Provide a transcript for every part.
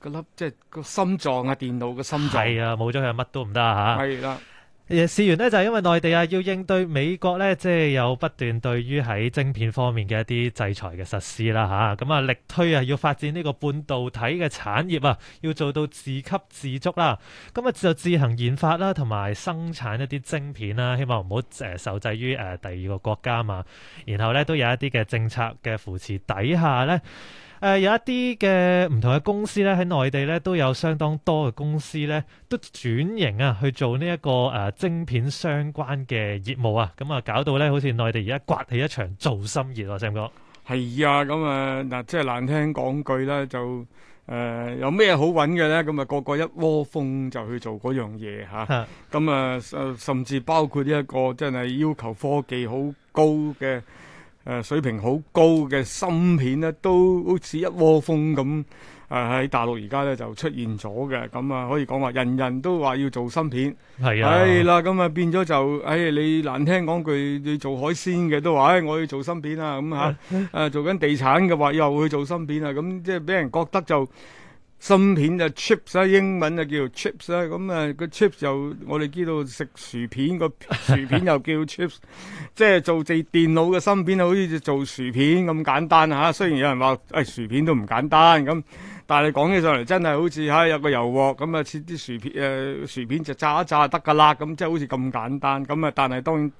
嗰粒即係、就是、個心臟啊，電腦嘅心臟係啊，冇咗佢乜都唔得吓。係啦的，誒，事源咧就係因為內地啊，要應對美國咧，即係有不斷對於喺晶片方面嘅一啲制裁嘅實施啦吓。咁啊，力推啊，要發展呢個半導體嘅產業啊，要做到自給自足啦。咁啊，就自行研發啦，同埋生產一啲晶片啦，希望唔好受制於誒第二個國家嘛。然後咧，都有一啲嘅政策嘅扶持底下咧。誒、呃，有一啲嘅唔同嘅公司咧，喺內地咧都有相當多嘅公司咧，都轉型啊去做呢、這、一個誒、啊、晶片相關嘅業務啊，咁、嗯、啊搞到咧好似內地而家颳起一場造芯熱啊，正哥係啊，咁啊嗱，即係難聽講句啦，就誒、呃、有咩好搵嘅咧，咁啊個個一窩蜂就去做嗰樣嘢吓，咁啊，啊，啊甚至包括呢一個即係要求科技好高嘅。誒、呃、水平好高嘅芯片咧，都好似一窩蜂咁，誒、呃、喺大陸而家咧就出現咗嘅，咁啊可以講話，人人都話要做芯片，係是啊，係、哎、啦，咁啊變咗就，誒、哎、你難聽講句，你做海鮮嘅都話，誒、哎、我要做芯片啊，咁嚇、 啊，誒做緊地產嘅話又去做芯片啊，咁即係俾人覺得就。芯片就 chips 啊，英文就叫 chips 啊、嗯，咁啊個 chips 又我哋知道食薯片個薯片又叫 chips，即係 做自電腦嘅芯片，好似做薯片咁簡單吓、啊，雖然有人話、哎，薯片都唔簡單咁、嗯，但係講起上嚟真係好似吓、啊、有個油鑊咁啊，切、嗯、啲薯片、呃、薯片就炸一炸就得㗎啦，咁即係好似咁簡單咁啊、嗯，但係當然。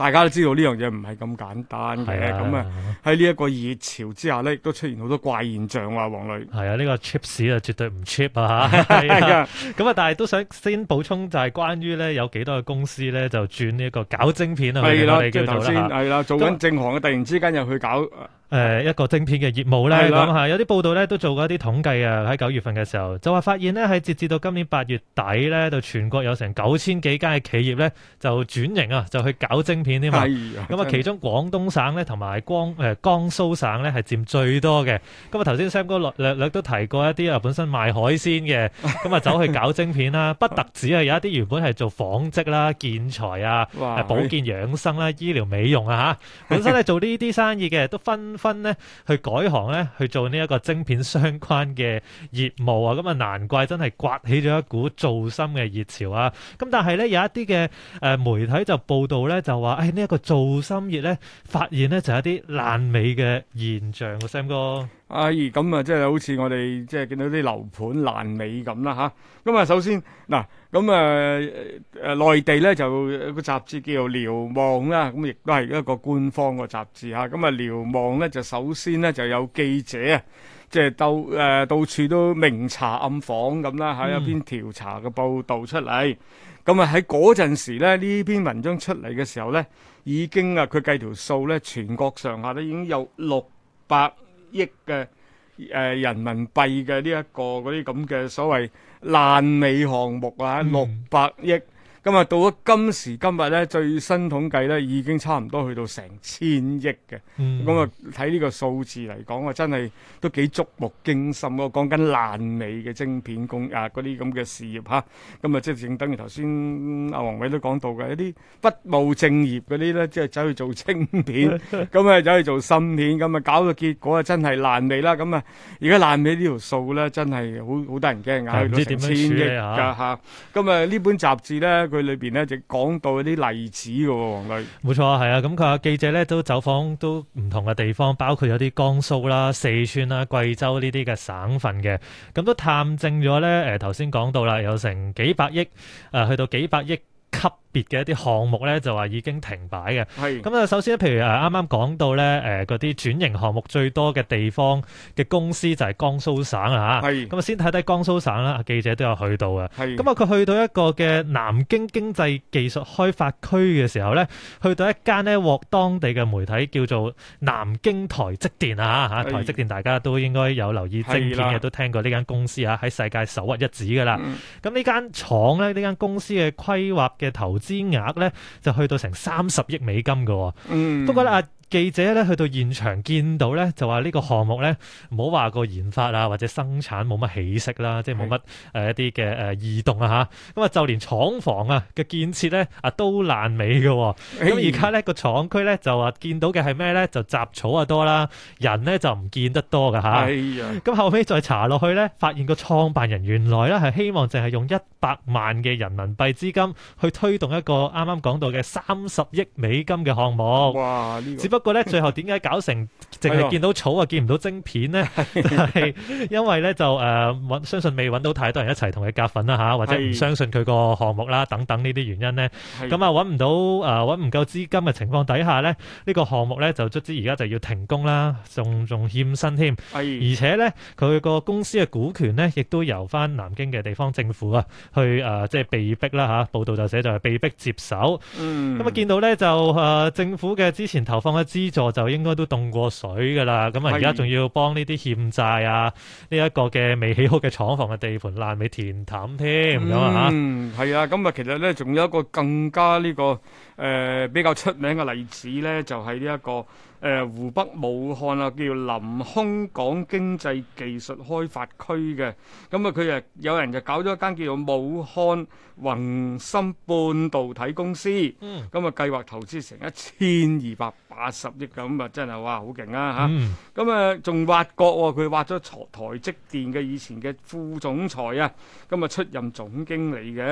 大家都知道呢樣嘢唔係咁簡單嘅，咁啊喺呢一個熱潮之下咧，亦都出現好多怪現象啊，黃磊，係啊，呢個 chip 市啊，絕對唔 chip 啊，係啊，咁啊，但係都想先補充，就係關於咧有幾多嘅公司咧就轉呢一個搞晶片啊。係啦、啊，頭先係啦，做緊正行嘅，那突然之間又去搞。誒一個晶片嘅業務咧，咁嚇有啲報道咧都做過一啲統計啊！喺九月份嘅時候就話發現咧，喺截至到今年八月底咧，就全國有成九千幾間嘅企業咧就轉型啊，就去搞晶片添嘛。咁啊的，其中廣東省咧同埋江誒江蘇省咧係佔最多嘅。咁啊，頭先 Sam 哥略略，略都提過一啲啊，本身賣海鮮嘅咁啊，走去搞晶片啦。 不特止係有一啲原本係做紡織啦、建材啊、保健養生啦、醫療美容啊嚇，本身咧做呢啲生意嘅都分分咧去改行咧去做呢一個晶片相關嘅業務啊，咁啊難怪真係刮起咗一股造芯嘅熱潮啊！咁但係咧有一啲嘅誒媒體就報道咧就話，誒呢一個造芯熱咧發現咧就有、是、一啲爛尾嘅現象、啊、，Sam 哥。啊咦，咁、哎、啊，即係好似我哋即係見到啲樓盤爛尾咁啦吓，咁啊，首先嗱，咁啊，誒、啊、內地咧就一個雜誌叫做《瞭望》啦，咁亦都係一個官方個雜誌吓，咁啊，呢《瞭望》咧就首先咧就有記者啊，即係到到處都明查暗訪咁啦吓，有篇調查嘅報導出嚟。咁啊喺嗰陣時咧，呢篇文章出嚟嘅時候咧，已經啊佢計條數咧，全國上下都已經有六百億嘅誒、呃、人民幣嘅呢一個嗰啲咁嘅所謂爛尾項目啊，嗯、六百億。咁啊，到咗今時今日咧，最新統計咧已經差唔多去到成千億嘅。咁啊，睇呢個數字嚟講啊，真係都幾觸目驚心。我講緊爛尾嘅晶片工啊，嗰啲咁嘅事業嚇。咁啊，即係正等於頭先阿黃偉都講到嘅，一啲不務正業嗰啲咧，即係走去做晶片，咁啊走去做芯片，咁啊搞到結果啊真係爛尾啦。咁啊，而家爛尾呢條數咧，真係好好得人驚，壓去到成千億㗎嚇。咁啊，呢本雜誌咧。佢裏邊咧就講到啲例子嘅，王律冇錯啊，係啊，咁佢話記者咧都走訪都唔同嘅地方，包括有啲江蘇啦、四川啦、貴州呢啲嘅省份嘅，咁都探證咗咧。誒頭先講到啦，有成幾百億，誒、呃、去到幾百億級。別嘅一啲項目咧就話已經停擺嘅。係咁啊，首先譬如誒啱啱講到咧誒，嗰啲轉型項目最多嘅地方嘅公司就係江蘇省啦嚇。係咁啊，先睇睇江蘇省啦。記者都有去到嘅。咁啊是，佢、嗯、去到一個嘅南京經濟技術開發區嘅時候咧，去到一間咧獲當地嘅媒體叫做南京台積電啊嚇。係是。台積電大家都應該有留意，證券嘅都聽過呢間公司啊，喺世界首屈一指噶啦。咁的呢間廠咧，呢間公司嘅規劃嘅投資額咧就去到成三十億美金㗎，嗯、不過咧、啊。記者咧去到現場見到咧，就話呢個項目咧，唔好話個研發啊或者生產冇乜起色啦，是的 即係冇乜、呃、一啲嘅誒異動啊咁啊、嗯，就連廠房啊嘅建設咧啊都爛尾嘅、哦。咁而家咧個廠區咧就話見到嘅係咩咧？就雜草啊多啦，人咧就唔見得多㗎。嚇、啊。咁、哎呀 嗯、後尾再查落去咧，發現個創辦人原來咧係希望淨係用一百萬嘅人民幣資金去推動一個啱啱講到嘅三十億美金嘅項目。哇！呢個只不不過咧，最後點解搞成淨係見到草啊，見唔到晶片咧？係 因為咧就誒、呃，相信未揾到太多人一齊同佢夾份啦吓，或者唔相信佢個項目啦等等呢啲原因咧。咁啊的，揾唔、嗯、到誒，揾唔夠資金嘅情況底下咧，這個、項呢個項目咧就卒之而家就要停工啦，仲仲欠薪添。而且咧，佢個公司嘅股權咧，亦都由翻南京嘅地方政府啊，去誒、呃、即係被逼啦吓。報道就寫就係、是、被逼接手。咁啊、嗯嗯，見到咧就誒、呃，政府嘅之前投放一。資助就應該都凍過水噶啦，咁啊而家仲要幫呢啲欠債啊，呢、這、一個嘅未起好嘅廠房嘅地盤爛尾填淡添，咁、嗯、樣啊嚇。嗯，係啊，咁啊其實咧，仲有一個更加呢、這個誒、呃、比較出名嘅例子咧，就係呢一個。誒、呃、湖北武漢啊，叫臨空港經濟技術開發區嘅，咁啊佢啊有人就搞咗一間叫做武漢宏芯半導體公司，咁啊計劃投資成一千二百八十億，咁啊真係哇好勁啊嚇！咁啊仲挖角喎，佢挖咗台台積電嘅以前嘅副總裁啊，咁啊出任總經理嘅，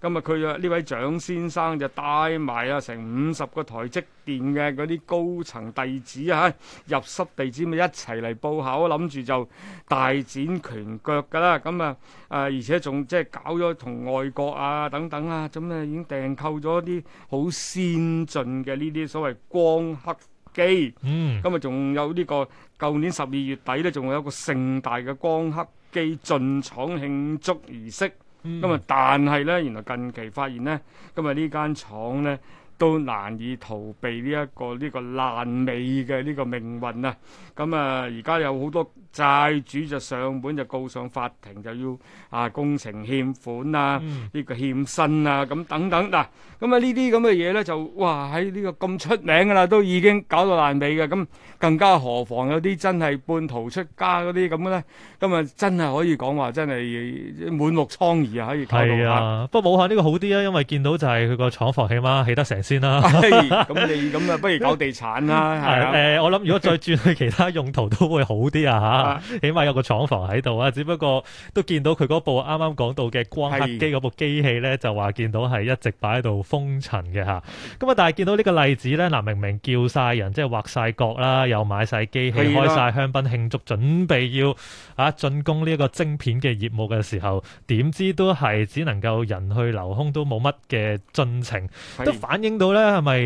咁啊佢啊呢位蔣先生就帶埋啊成五十個台積。電嘅嗰啲高層弟子啊，入室弟子咪一齊嚟報考，諗住就大展拳腳噶啦。咁啊，啊、呃、而且仲即係搞咗同外國啊等等啊，咁啊已經訂購咗啲好先進嘅呢啲所謂光刻機。嗯，咁啊仲有呢、這個，舊年十二月底呢，仲有一個盛大嘅光刻機進廠慶祝儀式。咁啊、嗯，但係呢，原來近期發現呢，今日呢間廠呢。都難以逃避呢一個呢個爛尾嘅呢個命運啊！咁啊，而家有好多。債主就上門，就告上法庭，就要啊工程欠款啊呢個、嗯、欠薪啊咁等等嗱，咁啊呢啲咁嘅嘢咧就哇喺呢、哎呢個咁出名噶啦，都已經搞到爛尾嘅咁，更加何妨有啲真係半途出家嗰啲咁嘅咧，咁啊真係可以講話真係滿目瘡痍啊，可以講到，不過武漢呢個好啲啊，因為見到就係佢個廠房起碼起得成先啦。咁你咁啊，哎、 不如搞地產啦。誒，我諗如果再轉去其他用途都會好啲啊嚇。 起碼、啊、有個廠房喺度啊，只不過都見到佢嗰部啱啱講到嘅光刻機嗰部機器咧，的就話見到係一直擺喺度封塵嘅吓。咁啊，但係見到呢個例子咧，嗱明明叫晒人，即係畫晒角啦，又買晒機器，開晒香檳慶祝，準備要啊進攻呢一個晶片嘅業務嘅時候，點知都係只能夠人去流空，都冇乜嘅進程，都反映到咧係咪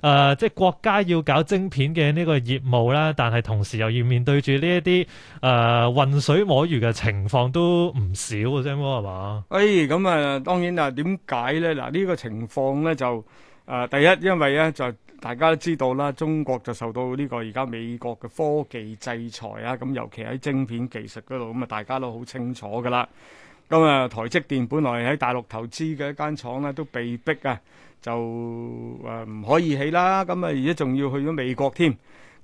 誒，即係國家要搞晶片嘅呢個業務啦，但係同時又要面對住呢一啲。誒，渾、呃、水摸魚嘅情況都唔少嘅啫，麼係嘛？誒、哎，咁啊，當然啊，點解咧？嗱，呢個情況咧就誒、呃，第一，因為咧就大家都知道啦，中國就受到呢、這個而家美國嘅科技制裁啊，咁尤其喺晶片技術嗰度，咁啊，大家都好清楚噶啦。咁啊，台積電本來喺大陸投資嘅一間廠咧，都被逼啊，就誒唔、呃、可以起啦。咁啊，而家仲要去咗美國添。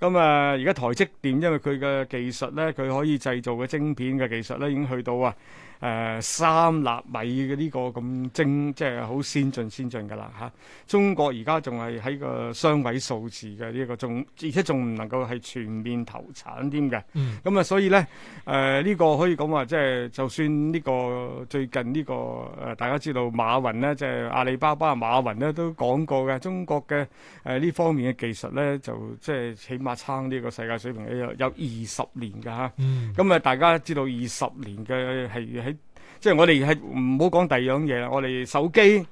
咁啊，而家台積電因為佢嘅技術咧，佢可以製造嘅晶片嘅技術咧，已經去到啊。誒、呃、三納米嘅呢個咁精，即係好先進先進噶啦吓，中國而家仲係喺個雙位數字嘅呢、這個仲而且仲唔能夠係全面投產添嘅。咁啊、嗯嗯，所以咧誒呢個可以講話，即係就算呢個最近呢、這個誒、呃、大家知道馬雲咧，即係阿里巴巴馬雲咧都講過嘅，中國嘅誒呢方面嘅技術咧，就即係起碼撐呢個世界水平有有二十年㗎嚇。咁啊、嗯嗯，大家知道二十年嘅係。即係我哋係唔好講第二樣嘢啦，我哋手機，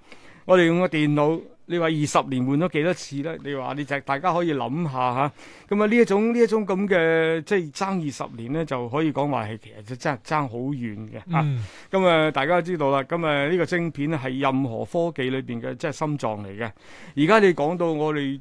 我哋用個電腦，你話二十年換咗幾多次咧？你話你就大家可以諗下吓，咁啊呢一種呢一種咁嘅即係爭二十年咧，就可以講話係其實真係爭好遠嘅吓。咁、嗯、啊大家都知道啦，咁啊呢個晶片咧係任何科技裏邊嘅即係心臟嚟嘅。而家你講到我哋。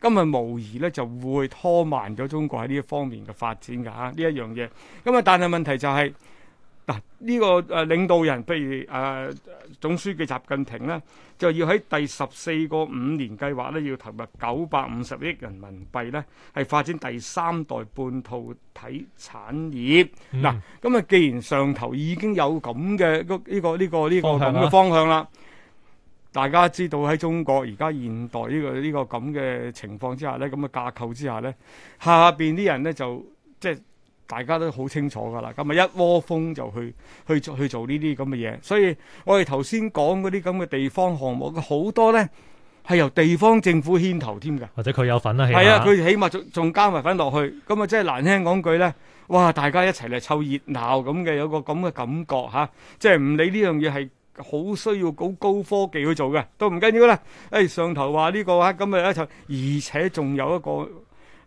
今日無疑咧就會拖慢咗中國喺呢一方面嘅發展㗎嚇，呢一樣嘢。咁啊，但係問題就係、是、嗱，呢、這個誒領導人，譬如誒總書記習近平咧，就要喺第十四個五年計劃咧，要投入九百五十億人民幣咧，係發展第三代半導體產業。嗱，咁啊，既然上頭已經有咁嘅呢個呢個呢個咁嘅方向啦。大家知道喺中國而家現代呢個呢個咁嘅情況之下呢，咁嘅架構之下呢，下邊啲人呢，就即係大家都好清楚噶啦，咁啊一窩蜂就去去去做呢啲咁嘅嘢。所以我哋頭先講嗰啲咁嘅地方項目，好多呢係由地方政府牽頭添㗎，或者佢有份啦，係啊，佢、啊、起碼仲仲加埋份落去，咁啊即係難聽講句呢：「哇！大家一齊嚟湊熱鬧咁嘅，有個咁嘅感覺吓、啊，即係唔理呢樣嘢係。好需要搞高科技去做嘅，都唔緊要啦。誒、哎、上頭話呢、這個，咁啊一層，而且仲有一個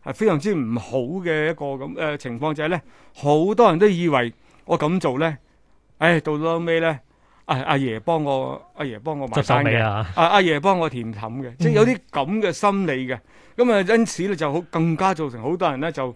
係非常之唔好嘅一個咁誒、呃、情況就係、是、咧，好多人都以為我咁做咧，誒、哎、到到尾咧，阿、啊、阿、啊、爺幫我，阿、啊、爺幫我買單嘅，阿阿、啊啊啊、爺幫我填氹嘅，即、就、係、是、有啲咁嘅心理嘅。嗯咁啊，因此咧就好更加造成好多人咧就，誒、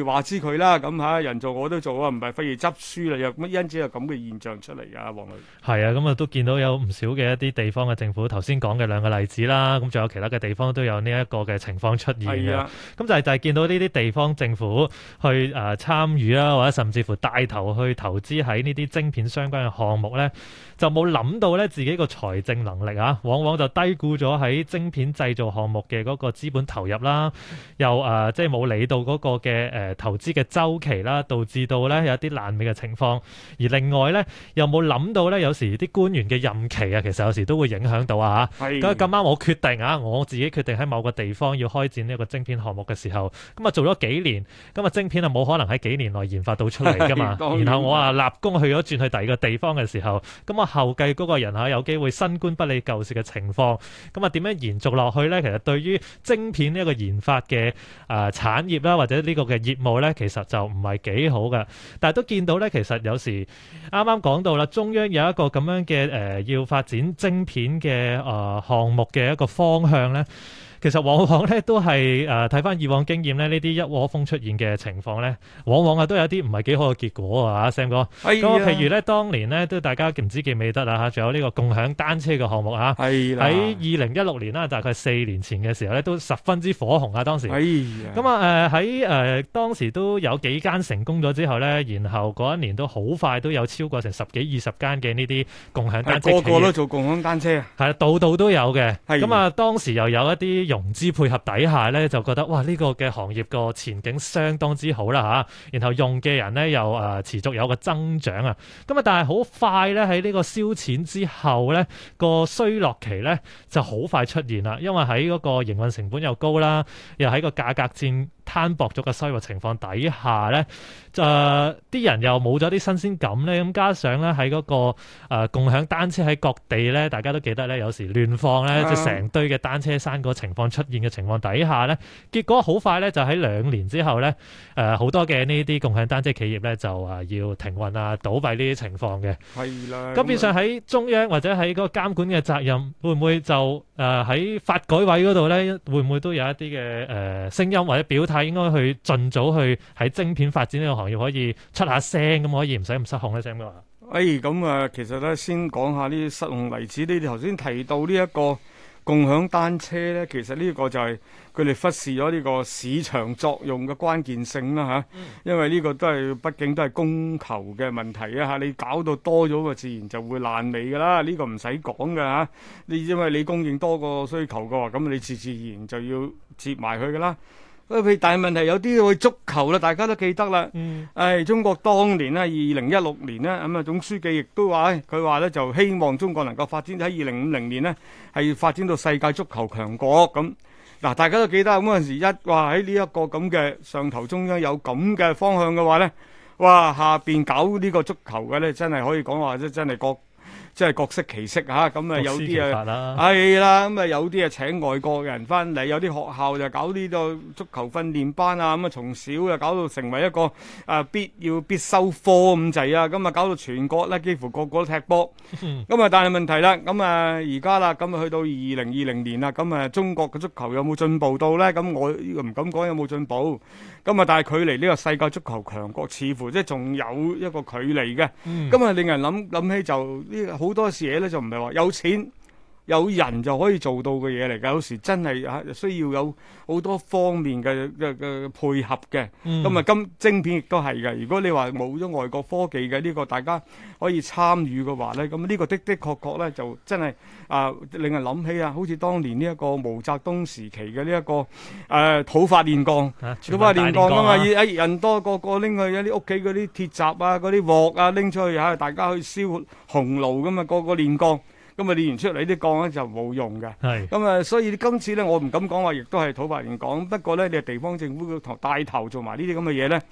哎、話知佢啦，咁吓人做我都做啊，唔係反如執輸啦，又乜因此有咁嘅現象出嚟啊？黃女士係啊，咁啊都見到有唔少嘅一啲地方嘅政府，頭先講嘅兩個例子啦，咁仲有其他嘅地方都有呢一個嘅情況出現嘅。咁、啊、就係就係見到呢啲地方政府去誒參與啦，或者甚至乎帶頭去投資喺呢啲晶片相關嘅項目咧，就冇諗到咧自己個財政能力啊，往往就低估咗喺晶片製造項目嘅嗰個資本。投入啦，又誒、呃、即係冇理到嗰個嘅誒、呃、投資嘅周期啦，導致到咧有一啲爛尾嘅情況。而另外咧，又冇諗到咧，有時啲官員嘅任期啊，其實有時都會影響到啊吓，咁啱我決定啊，我自己決定喺某個地方要開展呢個個晶片項目嘅時候，咁、嗯、啊做咗幾年，咁、嗯、啊晶片啊冇可能喺幾年內研發到出嚟㗎嘛。當然。然後我啊立功去咗轉去第二個地方嘅時候，咁、嗯、啊後繼嗰個人吓、嗯、有機會新官不理舊事嘅情況，咁啊點樣延續落去咧？其實對於晶見呢一個研發嘅誒、呃、產業啦，或者呢個嘅業務咧，其實就唔係幾好㗎。但係都見到咧，其實有時啱啱講到啦，中央有一個咁樣嘅誒、呃，要發展晶片嘅誒項目嘅一個方向咧。其實往往咧都係誒睇翻以往經驗咧，呢啲一窩蜂出現嘅情況咧，往往啊都有啲唔係幾好嘅結果啊 Sam 哥。咁、哎、呀譬如咧，當年咧都大家唔知記未記得啦嚇，仲有呢個共享單車嘅項目啊。係喺二零一六年啦，大概四年前嘅時候咧，都十分之火紅啊當時。咁啊誒喺誒當時都有幾間成功咗之後咧，然後嗰一年都好快都有超過成十幾二十間嘅呢啲共享單車。個個都做共享單車啊？係啦，度度都有嘅。咁的啊，當時又有一啲。融資配合底下咧，就覺得哇呢、呢個嘅行業個前景相當之好啦嚇，然後用嘅人咧又誒、呃、持續有個增長啊，咁啊但係好快咧喺呢個燒錢之後咧、個衰落期咧就好快出現啦，因為喺嗰個營運成本又高啦，又喺個價格戰，攤薄咗嘅收入情況底下呢，就、呃、啲人又冇咗啲新鮮感呢。咁加上呢，喺嗰個共享單車喺各地呢，大家都記得呢，有時亂放咧，就成堆嘅單車山嗰情況出現嘅情況底下呢，啊、結果好快呢，就喺兩年之後呢，誒、呃、好多嘅呢啲共享單車企業呢，就誒要停運啊、倒閉呢啲情況嘅。係啦的。咁變相喺中央或者喺嗰個監管嘅責任，會唔會就誒喺發改委嗰度呢，會唔會都有一啲嘅誒聲音或者表態？係應該去盡早去喺晶片發展呢個行業可以出，可以出下聲咁，可以唔使咁失控咧。咁啊、哎，誒，咁啊，其實咧，先講下呢，失控例子你哋頭先提到呢一個共享單車咧，其實呢個就係佢哋忽視咗呢個市場作用嘅關鍵性啦。吓、啊，因為呢個都係畢竟都係供求嘅問題啊。吓，你搞到多咗個，自然就會爛尾噶啦。呢、這個唔使講噶吓，你、啊、因為你供應多過需求噶話，咁你自自然就要接埋佢噶啦。嗰譬如大問題有啲會足球啦，大家都記得啦。誒，中國當年咧，二零一六年咧，咁啊，總書記亦都話，佢話咧就希望中國能夠發展喺二零五零年咧，係發展到世界足球強國咁。嗱，大家都記得咁嗰陣時，一話喺呢一個咁嘅上頭中央有咁嘅方向嘅話咧，哇，下邊搞呢個足球嘅咧，真係可以講話真真係個。即係各色其色嚇，咁啊有啲啊，係啦咁啊有啲啊請外國人翻嚟，有啲學校就搞呢個足球訓練班啊，咁啊從小就搞到成為一個啊必要必修科咁滯啊，咁啊搞到全國咧幾乎個個都踢波咁啊，但係問題啦，咁啊而家啦，咁啊去到二零二零年啦，咁啊中國嘅足球有冇進步到咧？咁我唔敢講有冇進步。咁啊，但係距離呢個世界足球強國，似乎即係仲有一個距離嘅。咁啊、嗯，令人諗諗起就呢好多嘢咧，就唔係話有錢。有人就可以做到嘅嘢嚟噶，有時真係啊，需要有好多方面嘅嘅嘅配合嘅。咁啊，金晶片亦都係嘅。如果你話冇咗外國科技嘅呢個，大家可以參與嘅話咧，咁呢個的的確確咧就真係啊，令人諗起啊，好似當年呢一個毛澤東時期嘅呢一個誒土法煉鋼，土法煉鋼啊嘛，一人多個個拎去一啲屋企嗰啲鐵閘啊、嗰啲鑊啊，拎出去嚇，大家去燒紅爐咁啊，個個煉鋼。咁啊，練完出嚟啲降咧就冇用嘅。咁啊是、嗯，所以今次咧，我唔敢講話，亦都係土白人講。不過咧，你係地方政府要帶頭做埋呢啲咁嘅嘢咧，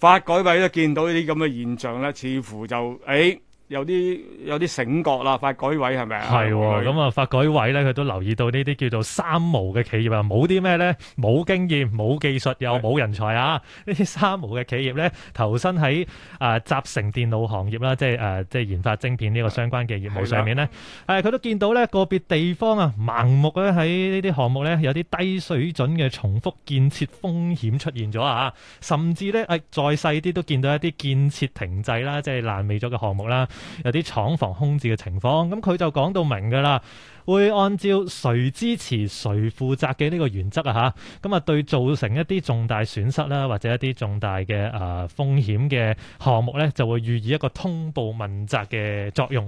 發改委都見到呢啲咁嘅現象咧，似乎就誒。欸有啲有啲醒覺啦，發改委係咪？係喎、哦，咁啊，發改委咧，佢都留意到呢啲叫做三無嘅企業啊，冇啲咩咧，冇經驗、冇技術又冇人才啊！呢啲的三無嘅企業咧，投身喺啊集成電路行業啦，即係誒、呃，即係研發晶片呢個相關嘅業務上面咧，佢的、啊、都見到咧，個別地方啊，盲目咧喺呢啲項目咧，有啲低水準嘅重複建設風險出現咗啊，甚至咧再在細啲都見到一啲建設停滯啦，即係爛尾咗嘅項目啦。有啲廠房空置嘅情況，咁佢就講到明噶啦，會按照誰支持誰負責嘅呢個原則啊吓，咁啊對造成一啲重大損失啦，或者一啲重大嘅誒、呃、風險嘅項目呢，就會予以一個通報問責嘅作用。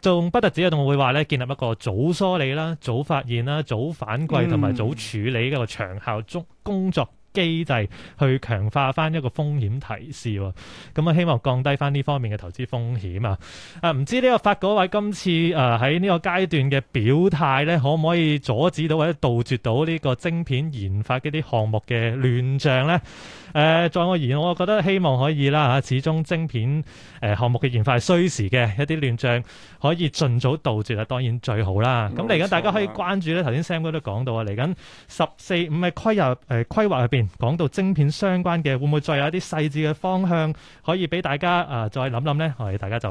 仲不得止啊，仲會話呢：「建立一個早梳理啦、早發現啦、早反饋同埋早處理嘅一個長效作工作。嗯機制去強化翻一個風險提示喎，咁啊希望降低翻呢方面嘅投資風險啊！誒，唔知呢個發改委今次誒喺呢個階段嘅表態呢，可唔可以阻止到或者杜絕到呢個晶片研發嘅啲項目嘅亂象呢？誒，在我、呃、而言，我覺得希望可以啦吓。始終晶片誒項目嘅研發係需時嘅，一啲亂象可以盡早杜絕啊，當然最好啦。咁嚟緊大家可以關注咧，頭先 Sam 哥都講到啊，嚟緊十四五嘅規劃誒、呃、規劃入邊講到晶片相關嘅，會唔會再有一啲細緻嘅方向可以俾大家啊、呃、再諗諗咧？我哋大家就。